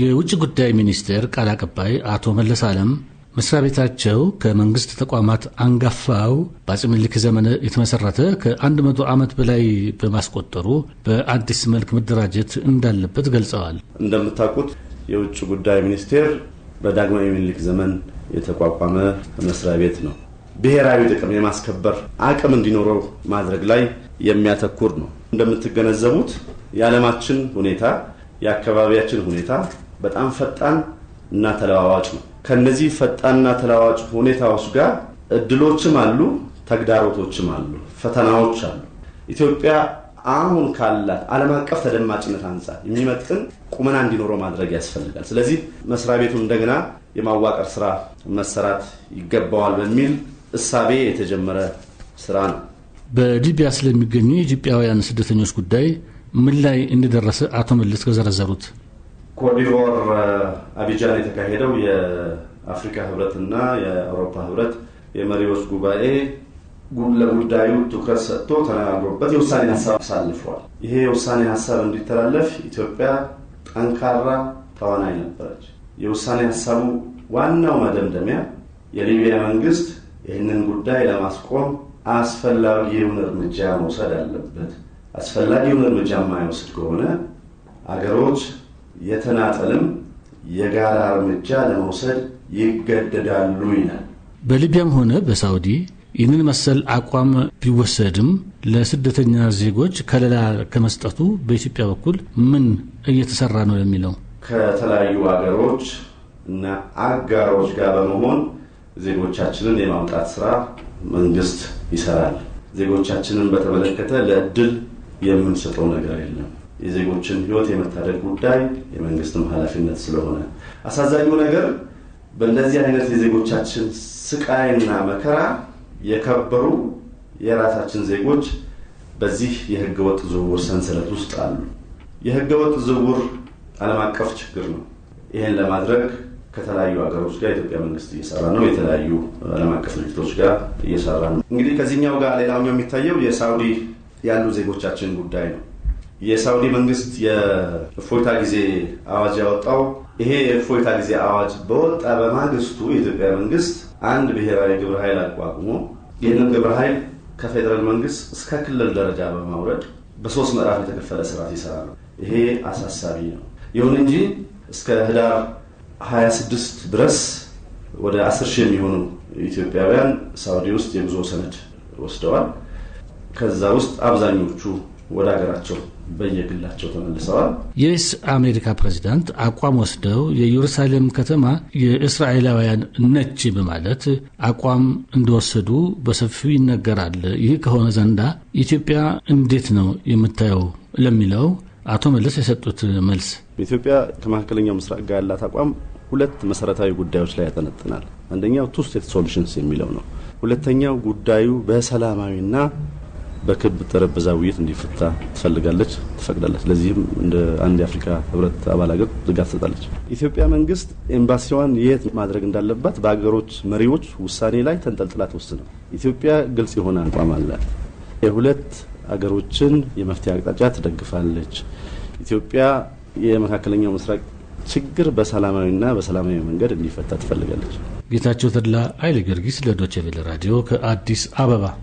የውጭ ጉዳይ ሚኒስቴር ቃል አቀባይ አቶ መለስ ዓለም መስሪያ ቤታቸው ከመንግስት ተቋማት አንጋፋው በአፄ ምኒልክ ዘመን የተመሰረተ ከ100 ዓመት በላይ በማስቆጠሩ በአዲስ መልክ መደራጀት እንዳለበት ገልጸዋል። እንደምታውቁት የውጭ ጉዳይ ሚኒስቴር በዳግማዊ ምኒልክ ዘመን የተቋቋመ መስሪያ ቤት ነው። ብሔራዊ ጥቅም የማስከበር አቅም እንዲኖረው ማድረግ ላይ የሚያተኩር ነው። እንደምትገነዘቡት የዓለማችን ሁኔታ የአካባቢያችን ሁኔታ በጣም ፈጣን እና ተለዋዋጭ ነው። ከነዚህ ፈጣንና ተለዋዋጭ ሁኔታዎች ጋር እድሎችም አሉ፣ ተግዳሮቶችም አሉ፣ ፈተናዎች አሉ። ኢትዮጵያ አሁን ካላት ዓለም አቀፍ ተደማጭነት አንጻር የሚመጥን ቁመና እንዲኖረው ማድረግ ያስፈልጋል። ስለዚህ መስሪያ ቤቱ እንደገና የማዋቀር ስራ መሰራት ይገባዋል በሚል እሳቤ የተጀመረ ስራ ነው። በሊቢያ ስለሚገኙ የኢትዮጵያውያን ስደተኞች ጉዳይ ምን ላይ እንደደረሰ አቶ መልስ ከዘረዘሩት ኮዲቮር አቢጃን የተካሄደው የአፍሪካ ህብረትና የአውሮፓ ህብረት የመሪዎች ጉባኤ ለጉዳዩ ትኩረት ሰጥቶ ተነጋግሮበት የውሳኔ ሀሳብ አሳልፏል። ይሄ የውሳኔ ሀሳብ እንዲተላለፍ ኢትዮጵያ ጠንካራ ተዋናይ ነበረች። የውሳኔ ሀሳቡ ዋናው መደምደሚያ የሊቢያ መንግስት ይህንን ጉዳይ ለማስቆም አስፈላጊውን እርምጃ መውሰድ አለበት አስፈላጊውን እርምጃ የማይወስድ ከሆነ አገሮች የተናጠልም የጋራ እርምጃ ለመውሰድ ይገደዳሉ ይላል። በሊቢያም ሆነ በሳውዲ ይህንን መሰል አቋም ቢወሰድም ለስደተኛ ዜጎች ከለላ ከመስጠቱ በኢትዮጵያ በኩል ምን እየተሰራ ነው የሚለው ከተለያዩ አገሮች እና አጋሮች ጋር በመሆን ዜጎቻችንን የማምጣት ስራ መንግስት ይሰራል። ዜጎቻችንን በተመለከተ ለእድል የምንሰጠው ነገር የለም። የዜጎችን ህይወት የመታደግ ጉዳይ የመንግስትም ኃላፊነት ስለሆነ አሳዛኙ ነገር በእንደዚህ አይነት የዜጎቻችን ስቃይና መከራ የከበሩ የራሳችን ዜጎች በዚህ የህገ ወጥ ዝውውር ሰንሰለት ውስጥ አሉ። የህገ ወጥ ዝውውር ዓለም አቀፍ ችግር ነው። ይህን ለማድረግ ከተለያዩ ሀገሮች ጋር የኢትዮጵያ መንግስት እየሰራ ነው። የተለያዩ ዓለም አቀፍ ድርጅቶች ጋር እየሰራ ነው። እንግዲህ ከዚህኛው ጋር ሌላኛው የሚታየው የሳውዲ ያሉ ዜጎቻችን ጉዳይ ነው። የሳውዲ መንግስት የእፎይታ ጊዜ አዋጅ ያወጣው ይሄ የእፎይታ ጊዜ አዋጅ በወጣ በማግስቱ የኢትዮጵያ መንግስት አንድ ብሔራዊ ግብረ ኃይል አቋቁሞ ይህንን ግብረ ኃይል ከፌዴራል መንግስት እስከ ክልል ደረጃ በማውረድ በሶስት ምዕራፍ የተከፈለ ስርዓት ይሰራሉ። ይሄ አሳሳቢ ነው። ይሁን እንጂ እስከ ህዳር 26 ድረስ ወደ 10 ሺህ የሚሆኑ ኢትዮጵያውያን ሳውዲ ውስጥ የጉዞ ሰነድ ወስደዋል። ከዛ ውስጥ አብዛኞቹ ወደ ሀገራቸው በየግላቸው ተመልሰዋል። የስ አሜሪካ ፕሬዚዳንት አቋም ወስደው የኢየሩሳሌም ከተማ የእስራኤላውያን ነች በማለት አቋም እንደወሰዱ በሰፊው ይነገራል። ይህ ከሆነ ዘንዳ ኢትዮጵያ እንዴት ነው የምታየው ለሚለው አቶ መለስ የሰጡት መልስ በኢትዮጵያ ከመካከለኛው ምስራቅ ጋር ያላት አቋም ሁለት መሰረታዊ ጉዳዮች ላይ ያጠነጥናል። አንደኛው ቱ ስቴት ሶሉሽንስ የሚለው ነው። ሁለተኛው ጉዳዩ በሰላማዊና በክብ ጠረጴዛ ውይይት እንዲፈታ ትፈልጋለች፣ ትፈቅዳለች። ለዚህም እንደ አንድ የአፍሪካ ህብረት አባል ሀገር ድጋፍ ትሰጣለች። ኢትዮጵያ መንግስት ኤምባሲዋን የት ማድረግ እንዳለባት በሀገሮች መሪዎች ውሳኔ ላይ ተንጠልጥላ ትወስነው። ኢትዮጵያ ግልጽ የሆነ አቋም አላት። የሁለት አገሮችን የመፍትሄ አቅጣጫ ትደግፋለች። ኢትዮጵያ የመካከለኛው ምስራቅ ችግር በሰላማዊና በሰላማዊ መንገድ እንዲፈታ ትፈልጋለች። ጌታቸው ተድላ ኃይለ ጊዮርጊስ ለዶቼ ቬለ ራዲዮ ከአዲስ አበባ